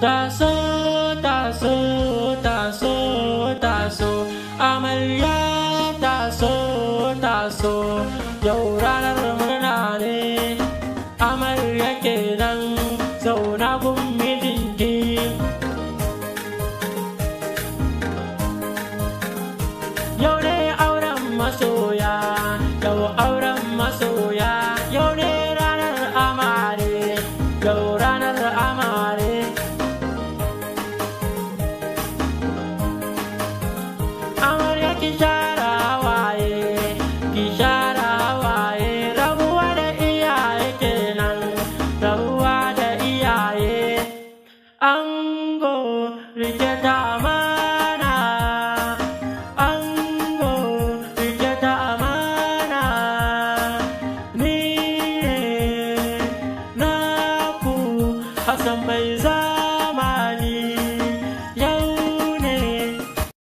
taso taso taso taso amarya taso taso yau ranar murna ne amarya kenan zauna gun mijinki ki share hawaye rabuwa da iyaye kenan rabuwa da iyaye ango rike ta amana ango rike ta amana ni ne naku hasan bai za